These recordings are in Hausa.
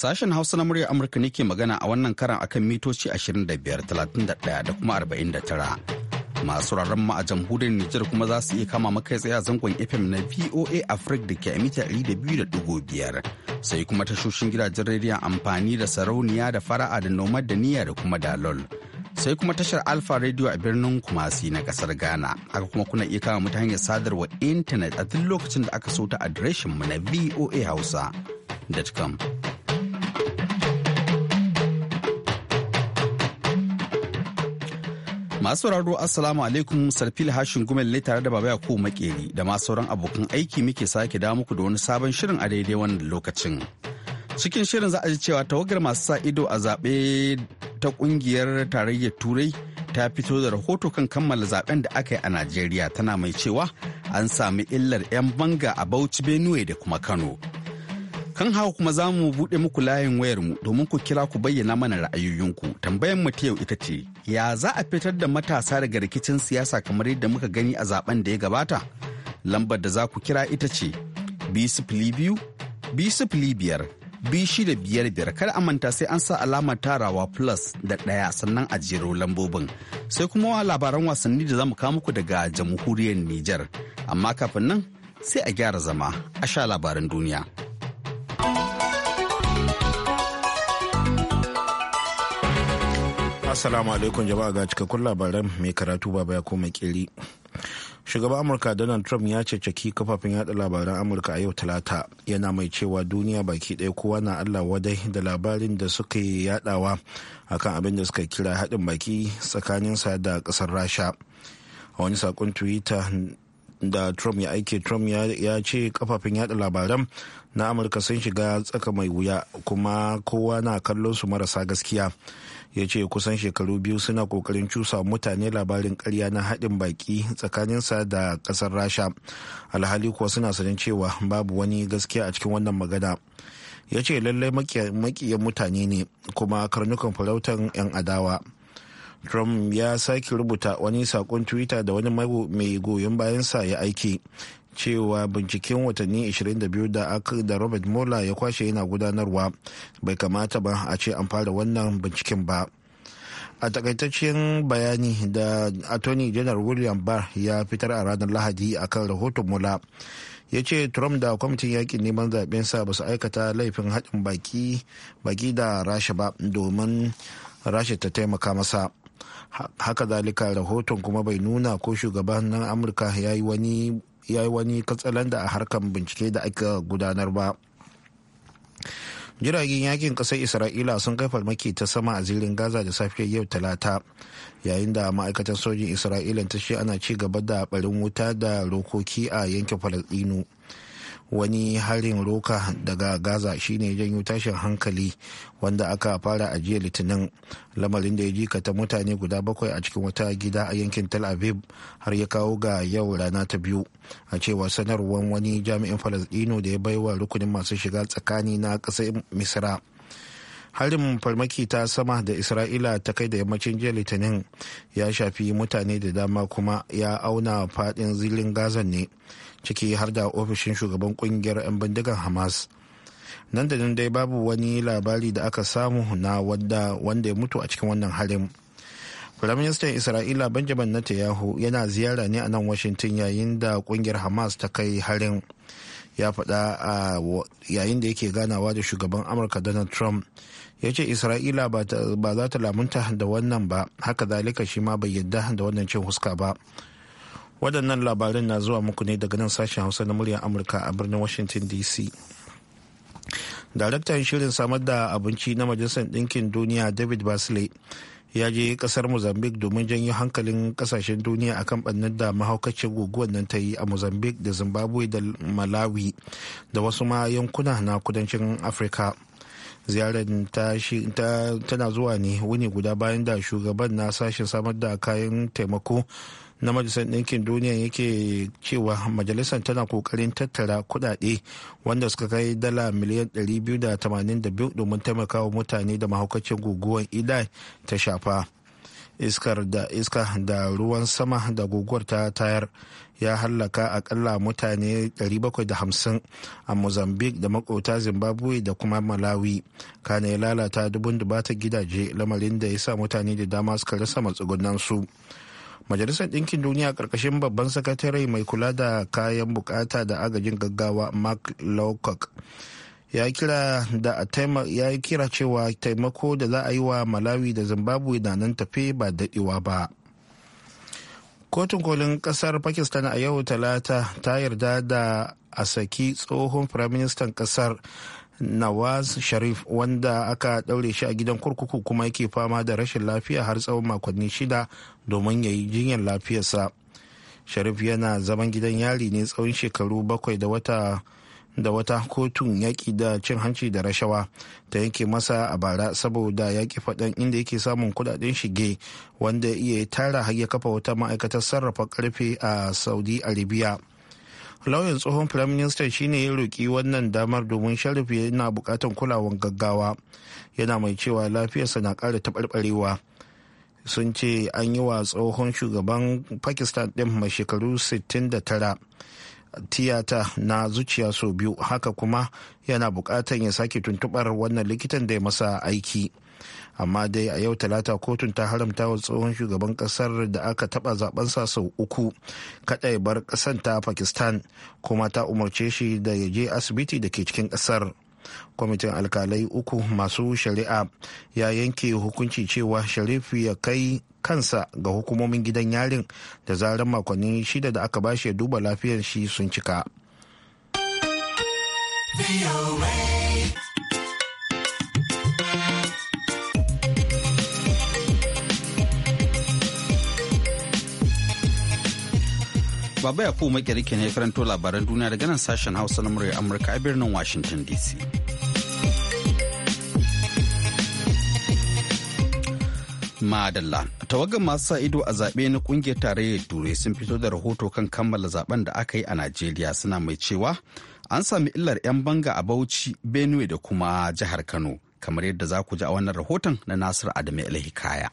Sashen Hausa na muryar Amurka ne ke magana a wannan karan akan mitoci 25, 31 da kuma 49. Masu raran ma a jamhuriyar Nijar kuma za su iya kama maka tsaye a zangon FM na VOA Africa da ke mita 200.5. Sai kuma tashoshin gidajen rediyon amfani da sarauniya da fara'a da nomad da niyya da kuma dalol. sai kuma tashar alfa radio a birnin kumasi na kasar ghana haka kuma kuna iya kama mu ta hanyar sadarwa intanet a duk lokacin da aka so ta adireshin mu na voa hausa.com Masu sauraro Assalamu alaikum Sarfil Hashin Gumel ne tare da Baba Yakubu Makeri da masu sauran abokan aiki muke sake da muku da wani sabon shirin a daidai wannan lokacin. Cikin shirin za a ji cewa tawagar masu sa ido a zaɓe ta ƙungiyar tarayyar Turai ta fito da rahoto kan kammala zaben da aka yi a Najeriya tana mai cewa an sami illar 'yan banga a Bauchi Benue da kuma Kano. kan hawa kuma za mu buɗe muku layin wayar mu domin ku kira ku bayyana mana ra'ayoyinku tambayan mu ta yau ita ce ya za a fitar da matasa daga rikicin siyasa kamar yadda muka gani a zaben da ya gabata lambar da za ku kira ita ce biyu biyar biyar kada a manta sai an sa alamar tarawa plus da ɗaya sannan a jero lambobin sai kuma wa labaran wasanni da za mu kawo muku daga jamhuriyar Nijar amma kafin nan sai a gyara zama a sha labaran duniya. Assalamu alaikum jama'a ga cikakkun labaran mai karatu baba ya koma kiri. Shugaban Amurka Donald Trump ya ceceki kafafen yada labaran Amurka a yau talata yana mai cewa duniya baki ɗaya kowa na Allah wadai da labarin da suka yi yadawa akan abin da suka kira haɗin baki tsakanin sa da ƙasar Rasha. A wani saƙon Twitter da Trump ya aike Trump ya ce kafafen yada labaran na Amurka sun shiga tsaka mai wuya kuma kowa na kallon su marasa gaskiya. ya ce kusan shekaru biyu suna kokarin cusa mutane labarin karya na haɗin baki tsakaninsa da ƙasar rasha alhali kuwa suna sanin cewa babu wani gaskiya a cikin wannan magana ya ce lallai makiyan mutane ne kuma karnukan farautan 'yan adawa trump ya sake rubuta wani sakon twitter da wani mai goyon bayansa ya aiki cewa binciken watanni 22 da aka da robert mueller ya kwashe yana gudanarwa bai kamata ba a ce an fara wannan binciken ba a takaitaccen bayani da attorney general william barr ya fitar a ranar lahadi akan rahoton mula ya ce trump da kwamitin yakin neman zaben sa ba su aikata laifin haɗin baki da rasha ba domin rasha ta taimaka masa haka zalika rahoton kuma bai nuna ko shugaban nan amurka ya yi wani ya yi wani katsalanda a harkar bincike da aka gudanar ba jiragen yakin kasar isra'ila sun kai farmaki ta sama a zirin gaza da safiyar yau talata yayin da ma'aikatan sojin isra'ila ta ce ana ci gaba da barin wuta da rokoki a yankin falasdinu wani harin roka daga gaza shine janyo tashin hankali wanda aka fara a jiya litinin lamarin da ya jikata mutane guda bakwai a cikin wata gida a yankin tel aviv har ya kawo ga yau rana ta biyu a cewa sanarwar wani jami'in falasdino da ya baiwa rukunin masu shiga tsakani na ƙasar misra harin farmaki ta sama da isra'ila ta kai da yammacin jiya litinin ya shafi mutane da dama kuma ya auna fadin zilin gaza ne ciki har da ofishin shugaban kungiyar 'yan bindigan hamas nan da nan dai babu wani labari da aka samu na wanda ya mutu a cikin wannan harin firaministan isra'ila benjamin netanyahu yana ziyara ne a nan washington yayin da kungiyar hamas ta kai harin ya faɗa a yayin da yake ganawa da shugaban amurka donald trump ya ce isra'ila ba za ta lamunta da wannan ba haka zalika shi ma bai yadda da wannan cin huska ba waɗannan labarin na zuwa muku ne daga nan sashen hausa na muryar amurka a birnin washington dc daraktan shirin samar da abinci na majalisar ɗinkin duniya david basley ya je kasar mozambique domin janyo hankalin kasashen duniya akan bannin da mahaukacin guguwar nan ta yi a mozambique da zimbabwe da malawi da wasu ma yankuna na kudancin afirka ziyarar ta tana zuwa ne wuni guda bayan da shugaban na sashen samar da kayan taimako na majalisar ɗinkin duniya yake cewa majalisar tana kokarin tattara kudade wanda suka kai dala miliyan 282 domin taimakawa mutane da mahaukacin guguwar idai ta shafa iskar da iska da ruwan sama da guguwar ta tayar ya hallaka akalla mutane 750 a mozambique da makota zimbabwe da kuma malawi kane ya lalata dubun dubata gidaje lamarin da ya sa mutane da dama suka rasa su majalisar ɗinkin duniya ƙarƙashin babban sakatare mai kula da kayan bukata da agajin gaggawa mark lowcock ya kira da ya kira cewa taimako da za a yi wa malawi da zimbabwe da nan tafe ba daɗewa ba kotun kolin ƙasar pakistan a yau talata ta yarda da a saki tsohon firaministan kasar nawaz sharif wanda aka ɗaure shi a gidan kurkuku kuma yake fama da rashin lafiya har tsawon makonni shida domin ya yi jinyar lafiyarsa sharif yana zaman gidan yari ne tsawon shekaru bakwai da wata da wata kotun yaƙi da cin hanci da rashawa ta yanke masa a bara saboda yaƙi faɗan inda yake samun kudaden shige wanda iya tara har ya kafa wata ma'aikatar sarrafa karfe a saudi arabia lauyan tsohon firaministan shine ya roƙi wannan damar domin sharif yana buƙatar kulawan gaggawa yana mai cewa lafiyarsa na ƙara taɓarɓarewa sun ce an yi wa tsohon shugaban pakistan ɗin mai shekaru 69 tiyata na zuciya sau biyu haka kuma yana buƙatar ya sake tuntubar wannan likitan da ya masa aiki amma dai a yau talata kotun ta haramta wa tsohon shugaban kasar da aka taba zabansa sau uku kadai bar kasan ta pakistan kuma ta umarce shi da ya je asibiti da ke cikin kasar kwamitin alkalai uku masu shari'a ya yanke hukunci cewa sharif ya kai kansa ga hukumomin gidan yarin da zarar makonni shida da aka bashi ya duba lafiyar shi sun cika. Baba ya kuma ke ne karanto labaran duniya daga nan sashen Hausa na murya Amurka a birnin Washington DC. Madalla, tawagan masu sa ido a zaɓe na ƙungiyar tarayyar Turai sun fito da rahoto kan kammala zaben da aka yi a Najeriya suna mai cewa an sami illar 'yan banga a Bauchi, Benue da kuma jihar Kano, kamar yadda za ku ji a wannan rahoton na Nasiru Adamu Hikaya.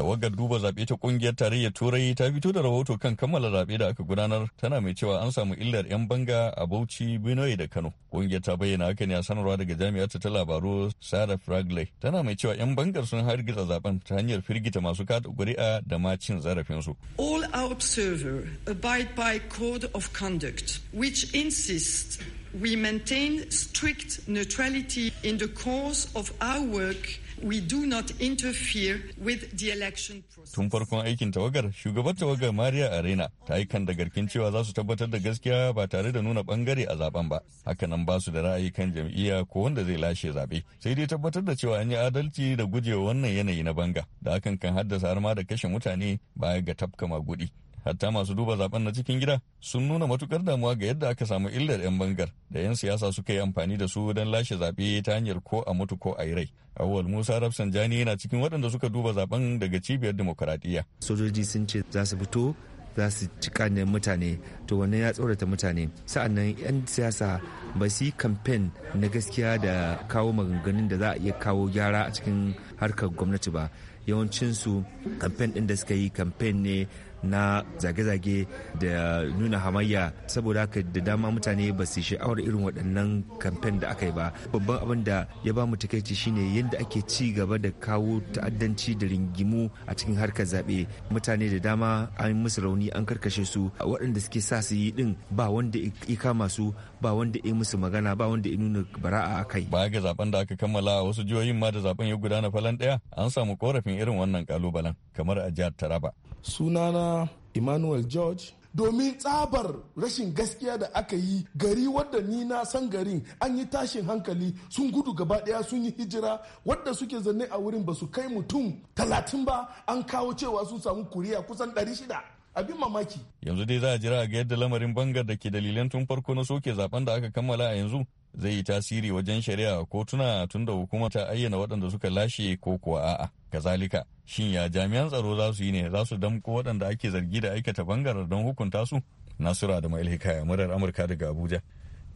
da Tawagar duba zaɓe ta ƙungiyar tarayyar Turai ta fito da rahoto kan kammala zaɓe da aka gudanar tana mai cewa an samu illar 'yan banga a Bauchi, binoye da Kano. Ƙungiyar ta bayyana haka ne a sanarwa daga jami'ar ta labaru Sarah Fragley. Tana mai cewa 'yan bangar sun hargitsa zaben ta hanyar firgita masu kada ƙuri'a da ma cin zarafinsu. All our observer abide by code of conduct which insists we maintain strict neutrality in the course of our work we do not interfere with the election process. Tun farkon aikin tawagar, shugabar tawagar Maria Arena ta yi kan da garkin cewa za su tabbatar da gaskiya ba tare da nuna bangare a zaben ba. Hakanan ba su da ra'ayi kan jam'iyya ko wanda zai lashe zabe. Sai dai tabbatar da cewa an yi adalci da gujewa wannan yanayi na banga. Da hakan kan haddasa har da kashe mutane baya ga tafka magudi. hatta masu duba zaben na cikin gida sun nuna matukar damuwa ga yadda aka samu illar 'yan bangar da 'yan siyasa suka yi amfani da su don lashe zaɓe ta hanyar ko a mutu ko a yi rai. Awal Musa rafsan jani yana cikin waɗanda suka duba zaben daga cibiyar demokuraɗiyya. Sojoji sun ce za su fito za su ci kanin mutane to wannan ya tsorata mutane sa'annan 'yan siyasa ba su yi kamfen na gaskiya da kawo maganganun da za a iya kawo gyara a cikin harkar gwamnati ba yawancinsu kamfen ɗin da suka yi kamfen ne na zage-zage da nuna hamayya saboda haka da dama mutane ba su sha'awar irin waɗannan kamfen da aka yi ba babban abin da ya ba mu takaici shine yadda ake ci gaba da kawo ta'addanci da ringimu a cikin harkar zaɓe mutane da dama an musu rauni an karkashe su waɗanda suke sa su yi din ba wanda ya kama su ba wanda ya musu magana ba wanda ya nuna bara'a a kai baya ga zaben da aka kammala a wasu jihohin ma da zaben ya gudana falan ɗaya an samu korafin irin wannan kalubalen kamar a jihar taraba sunana emmanuel george domin tsabar rashin gaskiya da aka yi gari wadda ni na san garin an yi tashin hankali sun gudu gaba daya sun yi hijira wadda suke zanne a wurin ba su kai mutum talatin ba an kawo cewa sun samu kuriya kusan 600 abin mamaki yanzu dai za a jira ga yadda lamarin bangar da ke dalilan tun farko na soke zaben da aka kammala a yanzu zai yi tasiri wajen shari'a kotuna tun da hukuma ta ayyana waɗanda suka lashe ko kuwa a'a Kazalika, shin ya jami'an tsaro za su yi ne za su damko waɗanda ake zargi da aikata bangaren don hukunta su? Nasura da hikaya murar Amurka daga Abuja,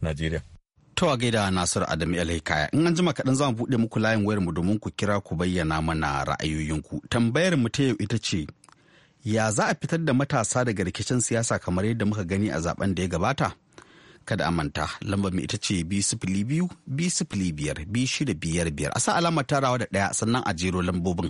Najeriya. To a gaida Nasir Adam hikaya in an jima kaɗan za buɗe muku layin wayar mu domin ku kira ku bayyana mana ra'ayoyinku. Tambayar mu ta yau ita ce ya za a fitar da matasa daga rikicin siyasa kamar yadda muka gani a zaben da ya gabata? kada a manta lambar mu ita ce b sifili biyu b sifili biyar b shida biyar biyar a sa alamar tarawa da ɗaya sannan a jero lambobin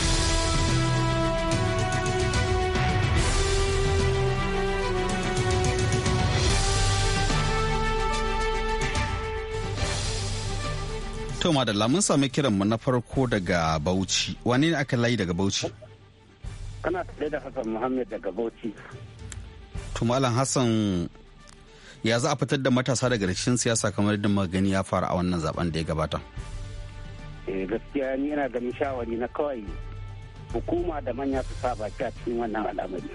To madalla mun sami kiran mu na farko daga Bauchi. Wani ne aka layi daga Bauchi? Kana tare da Hassan Muhammad daga Bauchi. To Malam Hassan ya za a fitar da matasa daga rikicin siyasa kamar yadda magani ya fara a wannan zaben da ya gabata. Eh gaskiya ni yana ganin shawari na kawai hukuma da manya su sa baki a cikin wannan al'amari.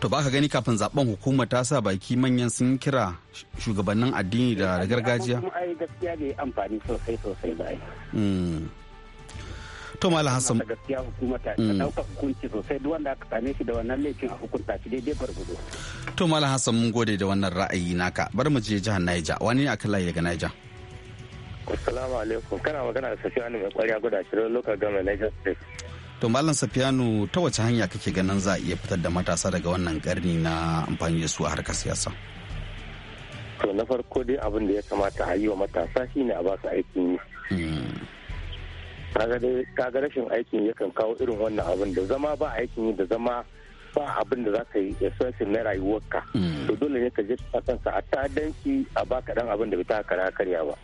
to ba ka gani kafin zaben hukumar ta sa baki manyan sun kira shugabannin addini da gargajiya gaskiya bai amfani sosai sosai ba hmm. to malam hassan gaskiya hukuma ta dauka hmm. hukunci sosai duk wanda aka same shi da wannan laifin a hukunta shi daidai gwargwado to malam hassan mun gode da wannan ra'ayi naka bar mu je jihar Niger wani ne akan layi daga Niger Assalamu alaikum kana magana da Safiyanu mai kwarya guda shirin lokacin gama Niger State to malam safiyanu ta wace hanya kake ganin za a iya fitar da matasa daga wannan karni na amfani da su a harkar siyasa to na farko dai abin da ya kamata a yi wa matasa shine a ba aikin yi hmm. kaga rashin aikin yakan kawo irin wannan abin da zama ba aikin yi da zama ba abin da za ka yi esensin na rayuwarka hmm. to dole ne ka je ka kansa a ta'addanci a baka dan abin da bai ta karya ba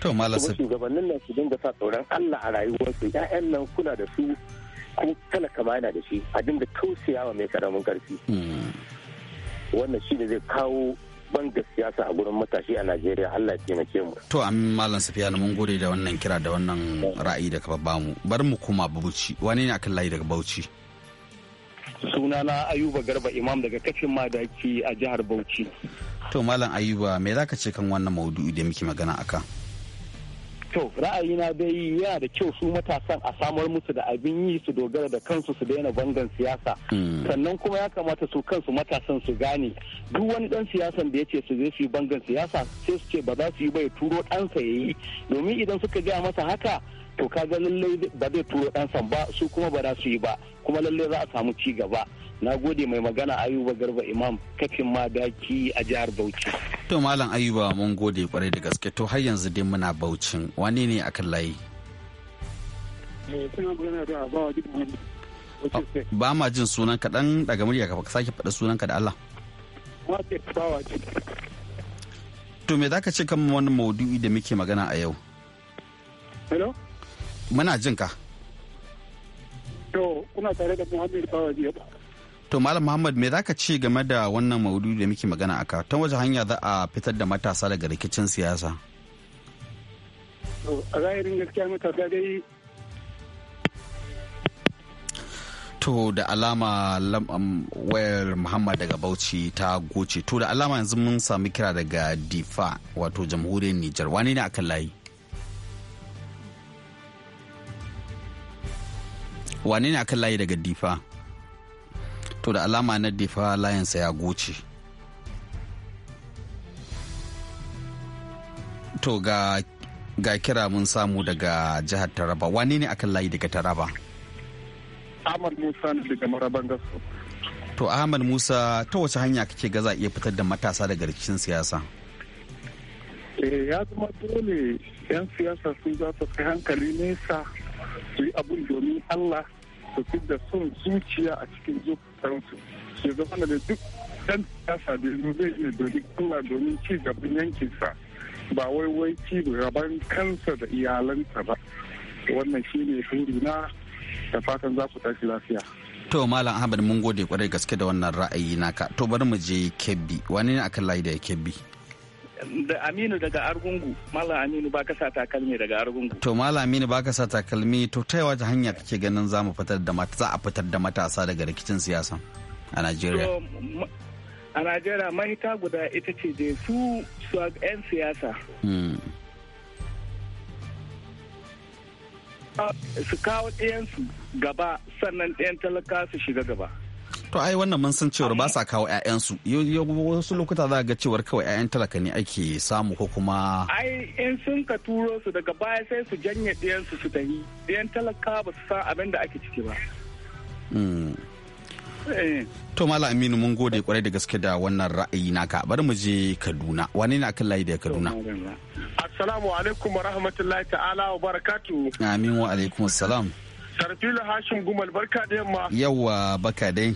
To malasa. Kuma shugabannin nan su dinga sa tsoron Allah a rayuwarsu ƴaƴan nan kuna da su kuma kana kama yana da shi a dinga tausayawa mai karamin karfi. Hmm. Wannan shi ne zai kawo gaskiya siyasa a gurin matashi a Najeriya Allah ya taimake mu. To amin malam na mun gode da wannan kira da wannan ra'ayi da ka mu. Bar mu koma Bauchi. Wane ne akan layi daga Bauchi? Sunana Ayuba Garba Imam daga kafin madaki a jihar Bauchi. To malam Ayuba me zaka ce kan wannan maudu'i da muke magana akan? to ra'ayina dai yana da kyau su matasan a samar musu da abin yi su dogara da kansu su daina bangan siyasa hmm. sannan kuma ya kamata su kansu matasan su gane duk wani dan siyasan da ya ce su zai su yi bangan siyasa sai su ce ba za su yi bai turo ɗansa ya yi domin idan suka gaya masa haka to kaga lallai ba zai turo dan ba su kuma ba za su yi ba kuma lallai za a samu ci gaba na gode mai magana ayuba garba imam kafin ma daki a jihar bauchi to malam ayuba mun gode kwarai da gaske to har yanzu dai muna baucin wane ne akan layi eh, oh, ba ma jin sunan kaɗan daga murya ka sake faɗa sunan ka da Allah. To me zaka ce kan wani maudu'i da muke magana a yau? Hello? muna jin ka to kuna tare da muhammad to malam muhammad me zaka ce game da wannan maudu da muke magana aka ta waje hanya za a fitar da matasa daga rikicin siyasa to a zahirin gaskiya matasa dai to da alama um, wayar muhammad daga bauchi ta goce to da alama yanzu mun sami kira daga difa wato jamhuriyar nijar wani ne akan layi wane ne akan layi daga difa to da alama na difa layinsa ya goce to ga ga kira mun samu daga jihar taraba wane ne akan layi daga taraba ahmad musa ne daga maraban gasu to ahmad musa ta wace hanya kake gaza iya fitar da matasa daga rikicin siyasa eh, ya zama dole 'yan siyasa sun za su kai hankali nesa abu domin Allah su fi da son zuciya a cikin zuciyarsu ya zama da duk ɗan siyasa da yanzu zai iya dodi Allah domin ci gaban yankinsa ba wai wai ci gaban kansa da iyalansa ba wannan shi ne na da fatan za ku tashi lafiya. To Malam Ahmad mun gode kwarai gaske da wannan ra'ayi naka to bari mu je Kebbi wani ne akan layi da Kebbi? da Aminu daga Argungu, Malam Aminu ba ka sa takalmi daga Argungu. To Malam Aminu ba ka sa takalmi to ta yawa ta hanya kake ganin za mu fitar da za a fitar da matasa daga rikicin siyasa a Najeriya. A Najeriya mahita guda ita ce da su su 'yan siyasa. Hmm. Su kawo ɗayansu gaba sannan ɗayan talaka su shiga gaba. to ai wannan mun san cewar ba sa kawo ƴaƴansu wasu lokuta za ga cewar kawai ƴaƴan talaka ne ake samu ko kuma ai in sun ka turo su daga baya sai su janye ɗiyansu su tafi ɗiyan talaka ba su san abin da ake ciki ba hmm. eh. to mala aminu mun gode kwarai da gaske da wannan ra'ayi naka bari mu je kaduna wani ne akan layi da kaduna assalamu alaikum wa rahmatullahi ta'ala wa barakatu amin wa alaikum assalam sarfilu hashim gumal barka da yamma yawa baka dai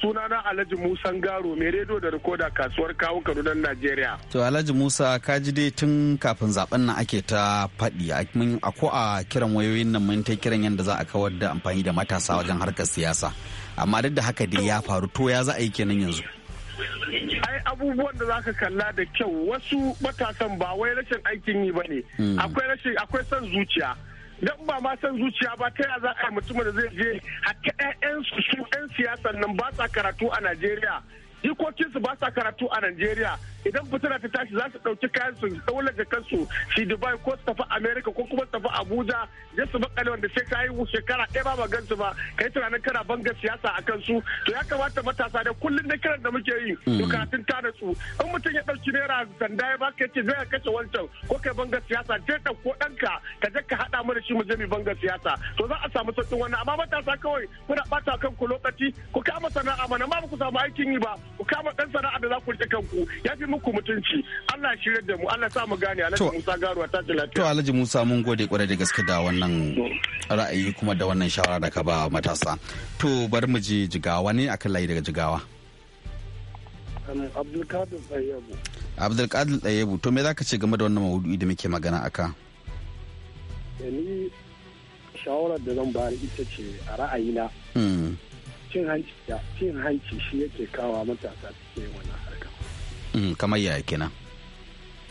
sunana alhaji musa garo mai rediyo da rikoda kasuwar kawo kaduna najeriya to alhaji musa ka ji dai tun kafin zaben nan ake ta faɗi a ko a kiran wayoyin nan mun ta kiran yadda za a kawar da amfani da matasa wajen harkar siyasa amma duk da haka dai ya faru to ya za a yi kenan yanzu ai abubuwan da zaka kalla da kyau wasu matasan ba wai rashin aikin yi bane hmm. akwai rashin akwai son zuciya dan ba ma san zuciya ba ta yaya za a yi mutumin da zai je hatta 'ya'yansu su 'yan siyasan nan ba sa karatu a Najeriya jikokinsu ba sa karatu a Najeriya idan fitina ta tashi za su ɗauki kayan su ɗaular da kansu shi dubai ko su tafi america ko kuma su tafi abuja ya su makale wanda sai ka yi shekara ɗaya ba magan su ba ka yi tunanin kana bangar siyasa a kansu to ya kamata matasa da kullun da kiran da muke yi duka mm. ta da su in mutum ya ɗauki naira sanda ya baka ce zai kashe wancan ko kai bangar siyasa je ɗauko ɗanka ka je ka haɗa mu da shi mu je mu bangar siyasa to za a samu sauƙin wannan amma matasa kawai kuna ɓata kanku lokaci ku kama sana'a mana ma ba ku samu aikin yi ba ku kama ɗan sana'a da za ku riƙe kanku ya fi muku mutunci Allah shirya da mu Allah sa mu gane Alhaji Musa Garuwa ta ji lafiya to Alhaji Musa mun gode kwarai da gaske da wannan ra'ayi kuma da wannan shawara da ka ba matasa to bari mu je jigawa ne akan layi daga jigawa Abdulkadir Tsayebu to me zaka ce game da wannan maudu'i da muke magana aka eh, ni shawarar da zan bayar ita ce a ra'ayina hmm. cin hanci shi yake kawa matasa cikin wani Mm, kamar yaya kenan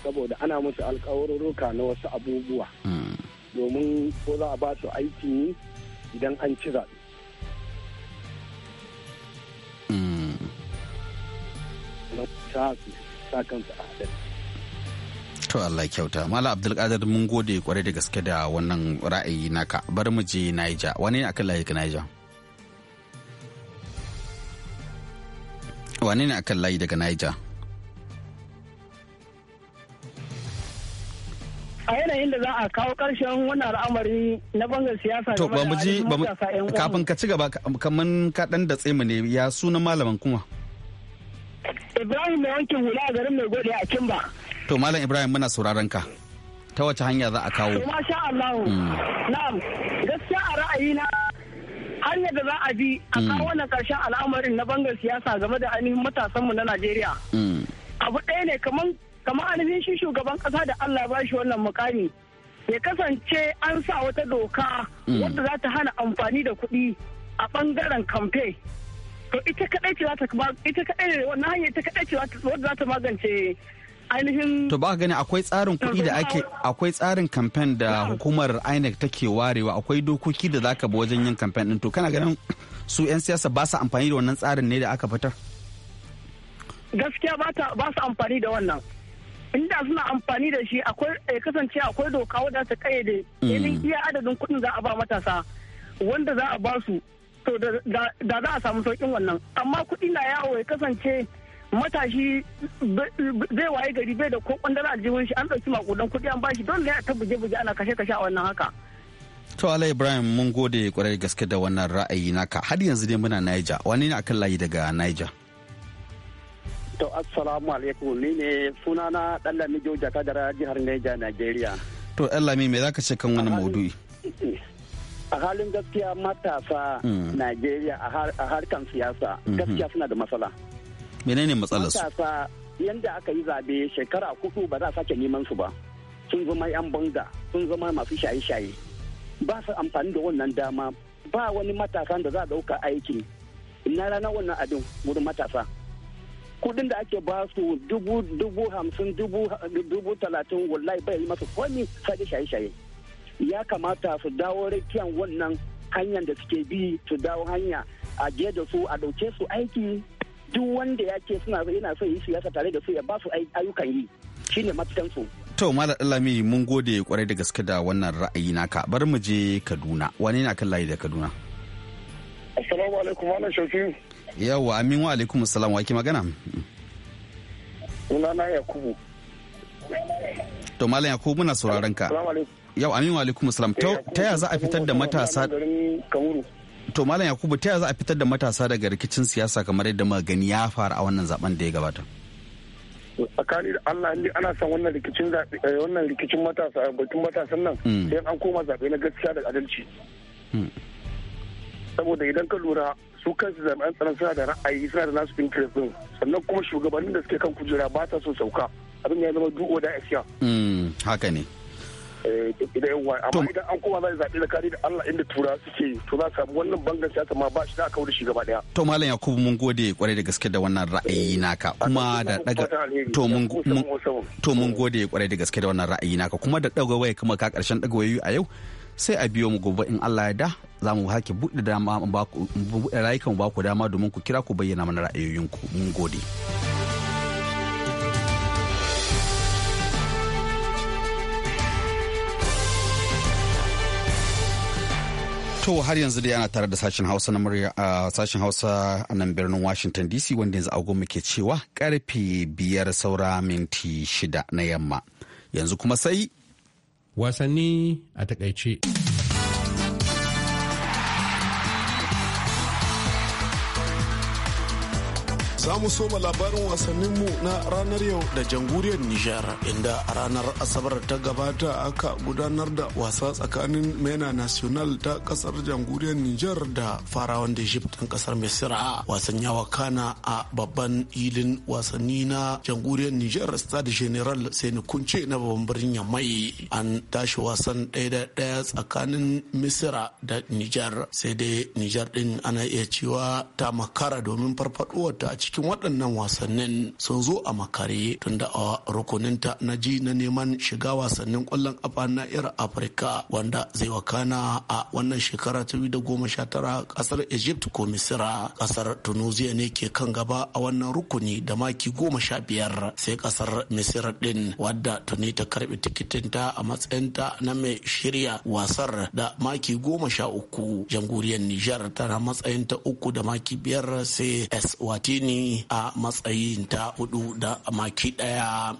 saboda ana musu alkawarurruka na wasu abubuwa mm. domin ko za a ba su aiki ne idan an ci zaɓe mm. To Allah kyauta. Mala Abdulkadir mun gode kwarai da gaske da wannan ra'ayi naka. Bari mu je Niger. Wane ne akan layi ka Niger? Wane ne akan layi daga Niger? inda za a kawo karshen wannan al'amari na bangar siyasa to ba mu ji kafin ka ci gaba kaman ka dan da mu ne ya sunan malaman kuma Ibrahim mai wankin hula a garin mai gode a Kimba to malam Ibrahim muna sauraron ka ta wace hanya za a kawo masha Allah hmm. na'am gaskiya a na hanyar da za a bi a hmm. kawo wannan karshen al'amarin na bangar siyasa game da ainihin matasanmu na Najeriya hmm. abu ɗaya ne kaman kamar ainihin shi shugaban kasa da Allah ba shi wannan mukami ya kasance an sa wata doka hmm. wadda za ta hana amfani da kuɗi a ɓangaren kamfe to ita kadai ce za ta ita kadai wannan hanya ita kadai ce wadda za ta magance ainihin to ba gani akwai tsarin kuɗi da ake akwai tsarin kamfen da hukumar INEC take warewa akwai dokoki da zaka bi wajen yin kamfen din to kana ganin su 'yan siyasa ba su amfani da wannan tsarin ne da aka fitar gaskiya ba su amfani da wannan inda suna amfani da shi akwai eh, kasance akwai doka wadda ta kayyade yanin mm. iya adadin kuɗin za a ba matasa wanda za a ba su to da za a samu saukin wannan amma kuɗi na yawo ya kasance matashi zai waye gari bai da ko da aljihun shi an ɗauki makudan kuɗi an bashi don ne a tabbuje buje-buje ana kashe-kashe a wannan haka. To Ala Ibrahim mun gode kwarai gaske da wannan ra'ayi naka har yanzu dai muna Niger wani ne akan layi daga Niger. To assalamu alaikum ni ne sunana Dallami Joja Kadara jihar Neja Najeriya. To Dallami me zaka ce kan wani maudu'i? A halin gaskiya matasa hmm. Najeriya a harkan siyasa hmm. gaskiya suna da matsala. Menene matsalar su? Matasa yanda aka yi zabe shekara hudu ba za a sake neman su ba. Sun zama yan banga, sun zama masu shaye-shaye. Ba su amfani da wannan dama ba wani matasan da za a ɗauka aiki. Ina ranar wannan abin wurin matasa. kudin da ake ba su dubu dubu hamsin dubu talatin wallahi bai masa komi sake shaye-shaye ya kamata su dawo rakiyan wannan hanyar da suke bi su dawo hanya a je da su a dauke su aiki duk wanda ya ce suna yana so yi siyasa tare da su ya ba su ayyukan yi shine mafitan su to mala dalami mun gode kwarai da gaske da wannan ra'ayi naka bar mu je kaduna wani na kan layi da kaduna assalamu alaikum malam Shafi. yawa amin wa alaikum salam wa ke magana sunana yakubu to malam yakubu muna sauraron ka yau amin wa alaikum salam eh, ta ya za a fitar da matasa to malam yakubu ta ya za a fitar da matasa daga rikicin siyasa kamar yadda muka gani ya fara a wannan zaben da ya gabata tsakani da Allah ne ana son wannan rikicin eh, wannan rikicin matasa eh, batun matasan nan hmm. sai an koma zabe na gaskiya da adalci hmm. saboda idan ka lura su kansu jami'an tsaron suna da ra'ayi suna da nasu interest din sannan kuma shugabannin da suke kan kujera ba ta son sauka abin ya zama duk da asiya. haka ne. Eh, amma idan an koma za a zaɓi da kari da Allah inda tura suke to za samu wannan bangan siyasa ma ba shi da aka shi gaba daya. To Malam Yakubu mun gode kwarai da gaske da wannan ra'ayi naka kuma da daga to mun to mun gode kwarai da gaske da wannan ra'ayi naka kuma da daga waya kuma ka karshen daga wayoyi a yau sai a biyo mu gobe in Allah ya da za mu hake buɗe dama rayukan ba ku dama domin ku kira ku bayyana mana ra'ayoyinku mun gode. To har yanzu dai ana tare da sashen Hausa na murya sashen Hausa a nan birnin Washington DC wanda yanzu agogo muke cewa karfe biyar saura minti shida na yamma. Yanzu kuma sai wasanni a takaice. Za mu soma labarin wasanninmu na ranar yau da jamhuriyar Nijar inda a ranar Asabar ta gabata aka gudanar da wasa tsakanin Mena National ta kasar jamhuriyar Nijar da farawan da Egypt ɗan kasar Misira. Wasan yawa kana a babban ilin wasanni na jamhuriyar Nijar Stade General sai kunce na babban birnin Yamai. An tashi wasan ɗaya da ɗaya tsakanin Misira da Nijar sai dai Nijar ɗin ana iya cewa ta makara domin farfaɗuwarta a cikin cikin waɗannan wasannin sun zo a makare tunda a rukuninta na ji na neman shiga wasannin ƙwallon ƙafa na yar afirka wanda zai wakana a wannan shekara ta da goma sha tara ƙasar egypt ko misira ƙasar tunisia ne ke kan gaba a wannan rukuni da maki goma sha biyar sai ƙasar misira ɗin wadda tuni ta karɓi tikitinta a matsayinta na mai shirya wasar da maki goma sha uku jamhuriyar nijar tana matsayin ta uku da maki biyar sai eswatini a matsayin ta hudu da maki daya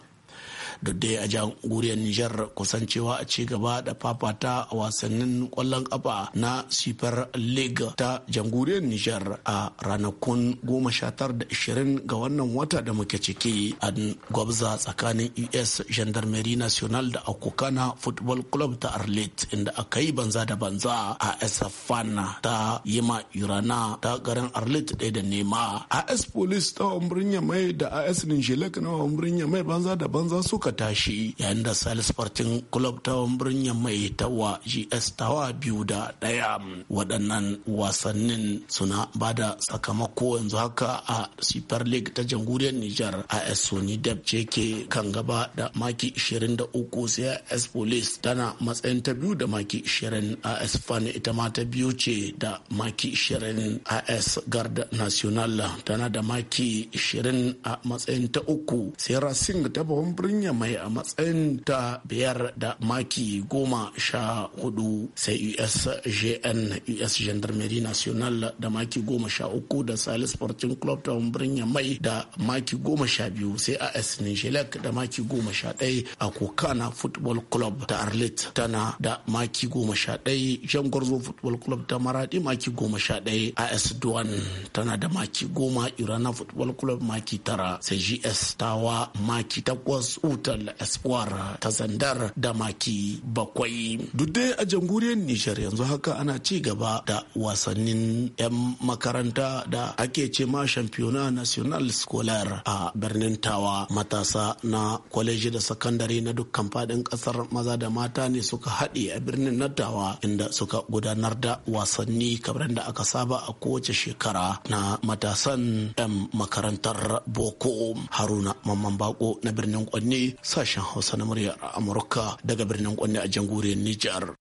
duk dai a jamhuriyar Nijar kusancewa a ci gaba da fafata a wasannin kwallon kafa na Super League ta jamhuriyar Nijar a ranakun goma 19 da 20 ga wannan wata da muke ciki a gwabza tsakanin US Gendarmerie National da Akokana Football Club ta Arlit inda aka yi banza da banza a Esafana ta Yima Urana ta garin Arlet ɗaya da nema. AS Police ta Umbrinya Mai da AS Ninjilek na Umbrinya Mai banza da banza suka suka tashi yayin da Sale Sporting Club ta birnin mai tawa GS tawa biyu da ɗaya. Waɗannan wasannin suna ba da sakamako yanzu haka a Super League ta jamhuriyar Nijar A esoni dab ce ke kan gaba da maki 23 sai s Police tana matsayin ta biyu da maki 20 AS Fan ita ma ta biyu ce da maki 20 S Garda National tana da maki 20 a matsayin ta uku sai Racing ta babban birnin mai a matsayin ta biyar da maki goma sha hudu sai usjn us gendarmerie national da maki goma sha uku da salis sporting club ta birnya mai da maki goma sha biyu sai as nijelek da maki goma sha ɗaya a kokana football club ta arlit tana da maki goma sha ɗaya gwarzo football club ta maradi maki goma sha ɗaya as duwan tana da maki goma irana football club maki tara sai gs tawa maki takwas ut hospital espoir ta zandar da maki bakwai duk dai a jamhuriyar nijar yanzu haka ana ci gaba da wasannin 'yan makaranta da ake ce ma championnat national scolaire a birnin tawa matasa na kwaleji da sakandare na dukkan fadin kasar maza da mata ne suka haɗe a birnin na tawa inda suka gudanar da wasanni kamar da aka saba a kowace shekara na matasan 'yan makarantar boko haruna mamman bako na birnin kwanne sashen Hausa na muryar Amurka daga birnin Kwanne a jamhuriyar Nijar.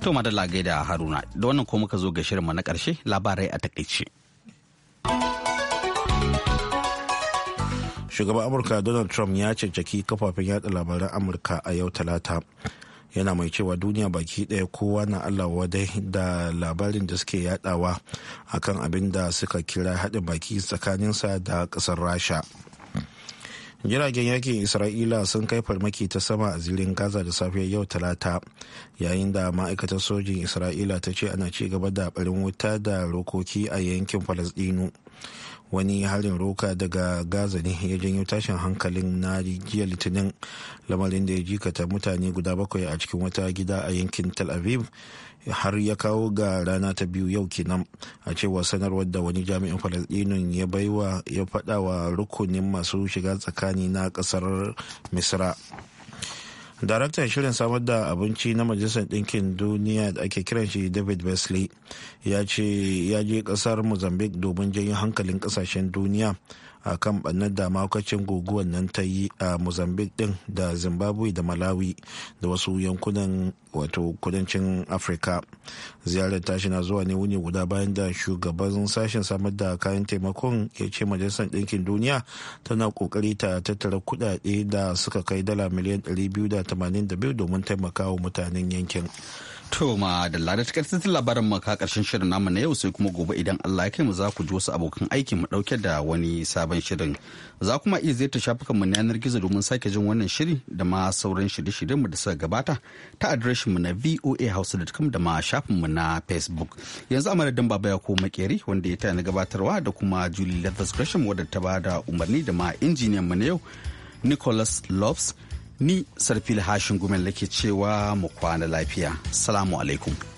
To madalla gaida Haruna da wannan ko muka zo ga shirinmu na karshe labarai a takaice. Shugaban Amurka Donald Trump ya cancaki kafafen yada labaran Amurka a yau talata yana mai cewa duniya baki daya kowa na allah wadai da labarin da suke yadawa akan abin da suka kira haɗin baki tsakanin sa da ƙasar rasha jiragen yakin isra'ila sun kai farmaki ta sama a zirin gaza da safiyar yau talata yayin da ma'aikatar sojin isra'ila ta ce ana ci gaba da barin wuta da rokoki a yankin falasdinu wani harin roka daga gaza ne ya janyo tashin hankalin na jiya litinin lamarin da ya jikata mutane guda bakwai a cikin wata gida a yankin tel aviv har ya kawo ga rana ta biyu yau kenan a cewa sanarwar da wani jami'in falasdinin ya baiwa ya fada wa rukunin masu shiga tsakani na kasar misra daraktan shirin samar da abinci na majalisar ɗinkin duniya da ake kiran shi david wesley ya ce ya je ƙasar mozambique domin janyo hankalin ƙasashen duniya a kan ɓannar da makwacin guguwar nan ta yi a mozambique din da zimbabwe da malawi da wasu yankunan wato kudancin afirka ziyarar tashi na zuwa ne wuni guda bayan da shugaban sashen samar da kayan taimakon ya ce majalisar ɗinkin duniya tana ƙoƙari ta tattara kuɗaɗe da suka kai dala miliyan 282 domin taimakawa mutanen yankin To ma da ladar takaitattun labarin maka karshen shirin namu na yau sai kuma gobe idan Allah ya kai mu za ku ji wasu abokan aiki mu dauke da wani sabon shirin. Za kuma iya ziyarta shafukan mu na yanar gizo domin sake jin wannan shiri da ma sauran shirye-shiryen mu da suka gabata ta adireshin mu na voahouse.com da ma shafin mu na Facebook. Yanzu a madadin Baba Yako Makeri wanda ya tana gabatarwa da kuma Julie Leathers Gresham wadda ta bada umarni da ma injiniyan mu na yau Nicholas Loves. ni sarfil hashin gumel nake cewa mu kwana lafiya salamu alaikum